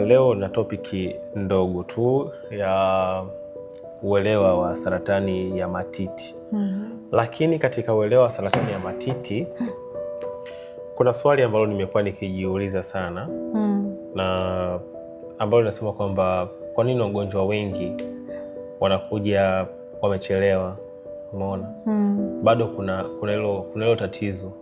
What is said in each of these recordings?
Leo na topiki ndogo tu ya uelewa wa saratani ya matiti. Mm -hmm. Lakini katika uelewa wa saratani ya matiti kuna swali ambalo nimekuwa nikijiuliza sana. Mm. Na ambalo linasema kwamba kwa nini wagonjwa wengi wanakuja wamechelewa, umeona? Mm. Bado kuna kuna hilo kuna hilo tatizo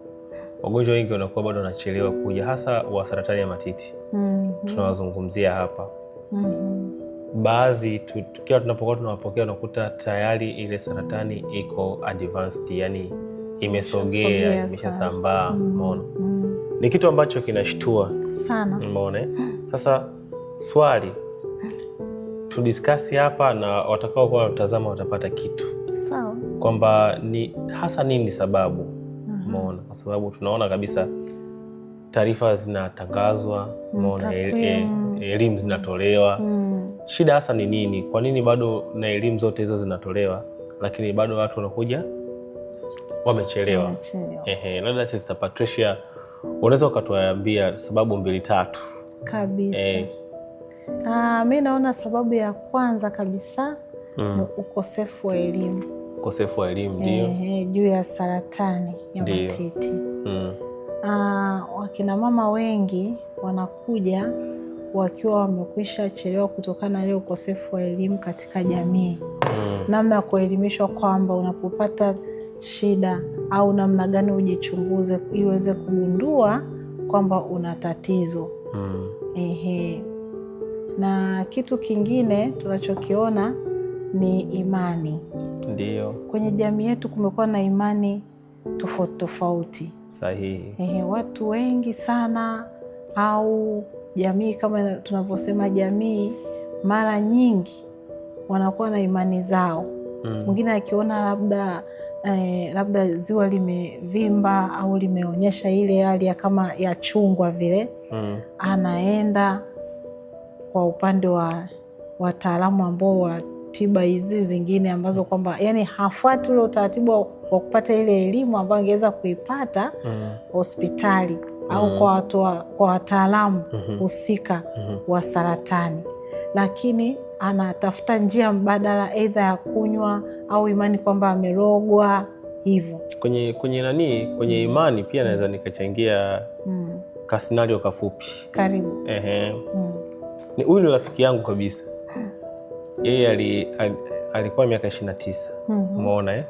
wagonjwa wengi wanakuwa bado wanachelewa kuja, hasa wa saratani ya matiti mm -hmm. tunawazungumzia hapa mm -hmm. baadhi kila tunapokuwa tunawapokea unakuta tayari ile saratani iko advanced, yani imesogea imeshasambaa. -hmm. ni kitu ambacho kinashtua sana. Eh? sasa swali tudiskasi hapa na watakaokuwa wanatazama watapata kitu sawa, kwamba ni hasa nini sababu Mm-hmm. umeona, kwa sababu tunaona kabisa taarifa zinatangazwa, umeona e-, e-, elimu zinatolewa. Mm. Shida hasa ni nini? Kwa nini bado na elimu zote hizo zinatolewa, lakini bado watu wanakuja wamechelewa? Ehe, labda Sister Patricia unaweza ukatuambia sababu mbili tatu kabisa. Eh. Ah, mi naona sababu ya kwanza kabisa mm. ni ukosefu wa elimu ukosefu wa elimu ndio juu ya saratani ya matiti mm. Aa, ah, wakina mama wengi wanakuja wakiwa wamekwisha chelewa kutokana na ile ukosefu wa elimu katika jamii mm. Namna ya kuelimishwa kwamba unapopata shida au namna gani ujichunguze ili uweze kugundua kwamba una tatizo mm. Ehe. Na kitu kingine tunachokiona ni imani ndio. Kwenye jamii yetu kumekuwa na imani tofauti tofauti. Sahihi. Ehe, watu wengi sana au jamii kama tunavyosema jamii, mara nyingi wanakuwa na imani zao. Mm. Mwingine mm. akiona labda eh, labda ziwa limevimba au limeonyesha ile hali ya kama ya chungwa vile mm. anaenda kwa upande wa wataalamu ambao wa tiba hizi zingine ambazo kwamba yani hafuati ule utaratibu wa kupata ile elimu ambayo angeweza kuipata mm-hmm. hospitali mm. au mm-hmm. kwa watu kwa wataalamu mm-hmm. husika mm -hmm. wa saratani, lakini anatafuta njia mbadala, aidha ya kunywa au imani kwamba amerogwa hivyo. Kwenye kwenye nani, kwenye imani pia naweza nikachangia mm. kasinario kafupi. Karibu. Ehe. Mm. Huyu ni rafiki yangu kabisa yeye alikuwa miaka ishirini na tisa mm-hmm. umeona eh?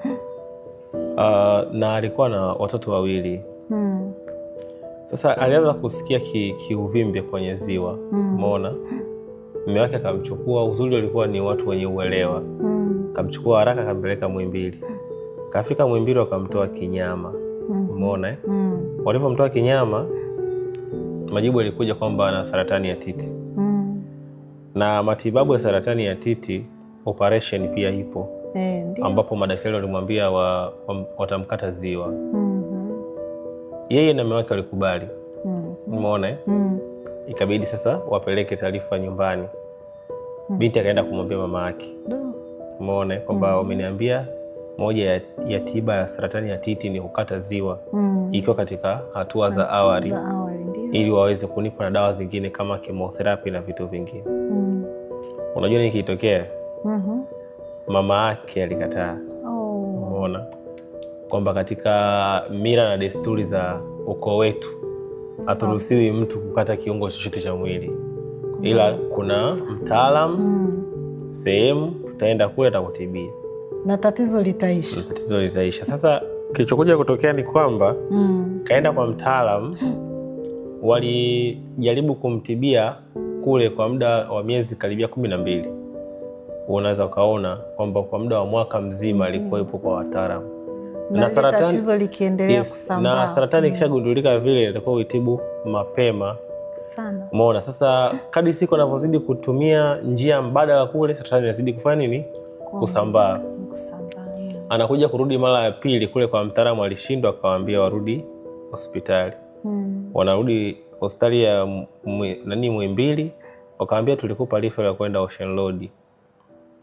Uh, na alikuwa na watoto wawili mm. Sasa alianza kusikia kiuvimbe ki kwenye ziwa umeona mm. Mume wake akamchukua, uzuri walikuwa ni watu wenye uelewa mm. Kamchukua haraka akampeleka Mwimbili, kafika Mwimbili wakamtoa Kinyama umeona mm. eh? mm. Walivyomtoa Kinyama, majibu yalikuja kwamba ana saratani ya titi mm na matibabu ya mm. saratani ya titi operation pia ipo e, ambapo madaktari walimwambia wa, wa, watamkata ziwa mm -hmm. Yeye na mume wake walikubali mm-hmm. umeona mm -hmm. mm -hmm. Ikabidi sasa wapeleke taarifa nyumbani mm -hmm. Binti akaenda kumwambia mama yake umeona kwamba mm -hmm. wameniambia moja ya, ya tiba ya saratani ya titi ni kukata ziwa mm -hmm. ikiwa katika hatua za awali ili waweze kunipa na dawa zingine kama chemotherapy na vitu vingine mm. Unajua nini kilitokea? mm -hmm. Mama yake alikataa. Oh. Umeona Kwamba katika mila na desturi za ukoo wetu haturuhusiwi oh. mtu kukata kiungo chochote cha mwili ila kuna mtaalamu mm. sehemu tutaenda kule atakutibia na tatizo litaisha, na tatizo litaisha. Sasa kilichokuja kutokea ni kwamba mm. kaenda kwa mtaalamu mm walijaribu kumtibia kule kwa muda wa miezi karibia kumi na mbili. Unaweza ukaona kwamba kwa muda wa mwaka mzima alikuwepo kwa wataalamu na saratani likiendelea yes, kusambaa na saratani mm. ikishagundulika vile itakuwa uitibu mapema sana. Umeona sasa, kadri siku anavyozidi kutumia njia mbadala kule, saratani inazidi kufanya nini? Kusambaa, kusambaa. Anakuja kurudi mara ya pili kule kwa mtaalamu, alishindwa akawaambia warudi hospitali mm. wanarudi hospitali ya nani Muhimbili, wakaambia tulikupa lifa la kwenda Ocean Road,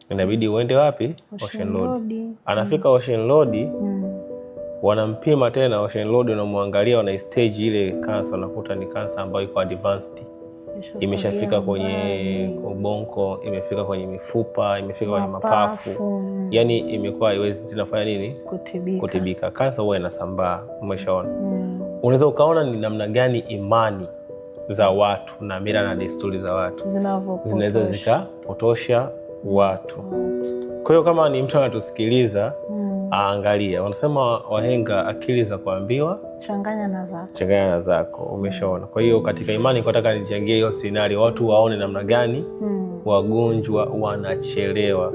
inabidi uende wapi? Ocean Road. Anafika hmm. Ocean Road mm. wanampima tena Ocean Road, wanamwangalia, wana stage ile kansa, wanakuta ni kansa ambayo iko advanced imeshafika kwenye ubongo, imefika kwenye mifupa, imefika kwenye mapafu, mapafu. Hmm. Yani imekuwa haiwezi tena fanya nini, kutibika. Kutibika kansa huwa inasambaa, umeshaona mm unaweza ukaona ni namna gani imani za watu na mila na desturi za watu zinaweza zikapotosha watu. Mm. Kwa hiyo kama ni mtu anatusikiliza mm. aangalia, wanasema wahenga, akili za kuambiwa changanya na zako, changanya na zako. Umeshaona? Kwa hiyo mm. katika imani nataka nichangie hiyo sinari, watu waone namna gani wagonjwa wanachelewa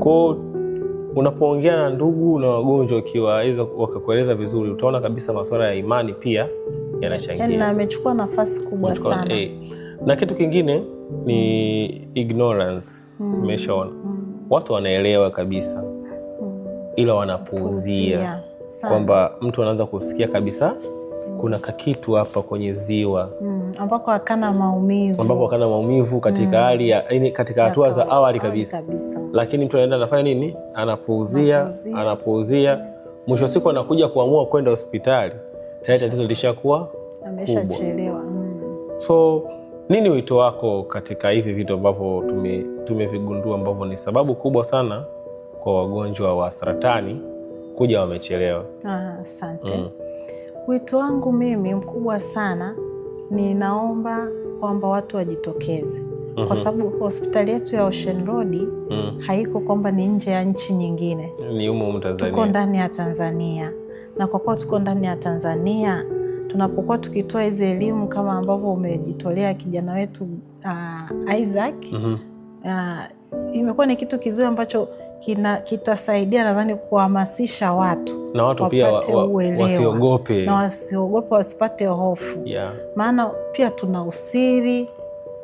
kwao unapoongea na ndugu na wagonjwa ukiwa hizo wakakueleza vizuri, utaona kabisa masuala ya imani pia yanachangia, yaani na amechukua nafasi kubwa sana hey. Eh. Na kitu kingine ni ignorance mm. Umeshaona mm. watu wanaelewa kabisa mm. ila wanapuuzia kwamba mtu anaanza kusikia kabisa kuna mm. kakitu hapa kwenye ziwa mm, ambako hakana maumivu, ambako hakana maumivu katika mm. hali ya yaani katika hatua za awali kabisa, kabisa. Lakini mtu anaenda anafanya nini? Anapuuzia, anapuuzia Mwisho wa siku mm. anakuja kuamua kwenda hospitali tayari tatizo lishakuwa ameshachelewa mm. So nini wito wako katika hivi vitu ambavyo tumevigundua tume ambavyo ni sababu kubwa sana kwa wagonjwa wa saratani kuja wamechelewa? Ah, asante ah, Wito wangu mimi mkubwa sana ninaomba kwamba watu wajitokeze uh-huh. kwa mhm. sababu hospitali yetu ya Ocean Road uh-huh. haiko kwamba ni nje ya nchi nyingine, ni humu Tanzania. Tuko ndani ya Tanzania, na kwa kuwa tuko ndani ya Tanzania, tunapokuwa tukitoa hizi elimu kama ambavyo umejitolea kijana wetu uh, Isaac uh-huh. uh, imekuwa ni kitu kizuri ambacho kina, kitasaidia nadhani kuhamasisha watu na watu pia wasiogope na wasiogope, wasipate hofu yeah. Maana pia tuna usiri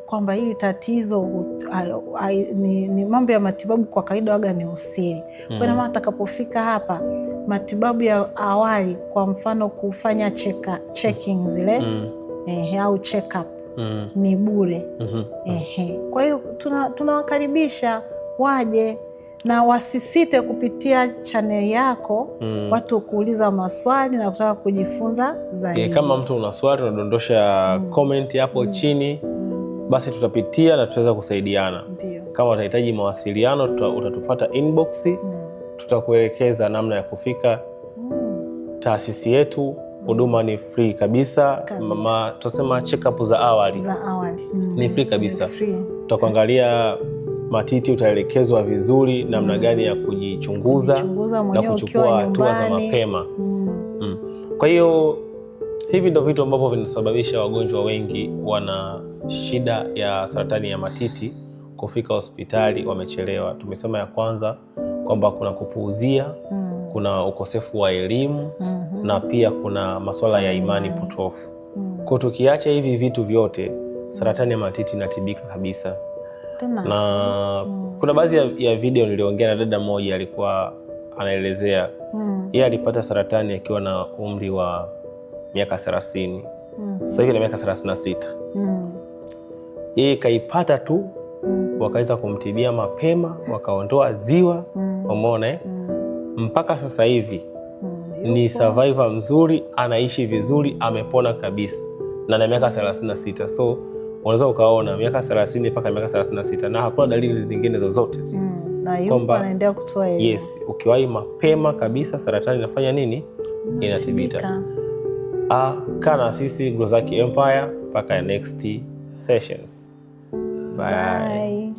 kwamba hili tatizo ay, ay, ni, ni mambo ya matibabu kwa kawaida waga ni usiri mm. Kwa maana atakapofika hapa matibabu ya awali, kwa mfano kufanya checka, checking zile mm. eh, au check up mm. ni bure mm -hmm. eh, kwa hiyo tunawakaribisha tuna waje na wasisite kupitia chaneli yako mm. watu kuuliza maswali na kutaka kujifunza zaidi. Yeah, kama mtu una swali unadondosha mm. hapo mm. chini mm. basi tutapitia na tutaweza kusaidiana. Ndiyo. Kama utahitaji mawasiliano tuta, utatufata inbox mm. tutakuelekeza namna ya kufika mm. taasisi yetu. Huduma ni free kabisa, tunasema check up za awali, za awali. Mm. ni free kabisa, tutakuangalia matiti utaelekezwa vizuri namna mm. gani ya kujichunguza, kujichunguza na kuchukua hatua za mapema mm. Mm. Kwa hiyo hivi ndo vitu ambavyo vinasababisha wagonjwa wengi wana shida ya saratani ya matiti kufika hospitali wamechelewa. Tumesema ya kwanza kwamba kuna kupuuzia mm. kuna ukosefu wa elimu mm -hmm. na pia kuna masuala ya imani potofu mm. kwa tukiacha hivi vitu vyote, saratani ya matiti inatibika kabisa tena na kuna mm. baadhi ya, ya video niliongea na dada mmoja alikuwa anaelezea mm. yeye alipata saratani akiwa na umri wa miaka thelathini mm. sasa hivi na miaka thelathini na sita mm. yeye kaipata tu mm. wakaweza kumtibia mapema wakaondoa ziwa mm. umeona eh? mm. mpaka sasa hivi mm. ni survivor mzuri anaishi vizuri amepona kabisa na na miaka thelathini na sita so unaweza ukaona miaka 30 mpaka miaka 36 na hakuna dalili zingine zozote mm, yes, ukiwahi mapema kabisa saratani inafanya nini, inatibika. Ah, kaa na sisi Glozack Empire mpaka next sessions. Bye. Bye.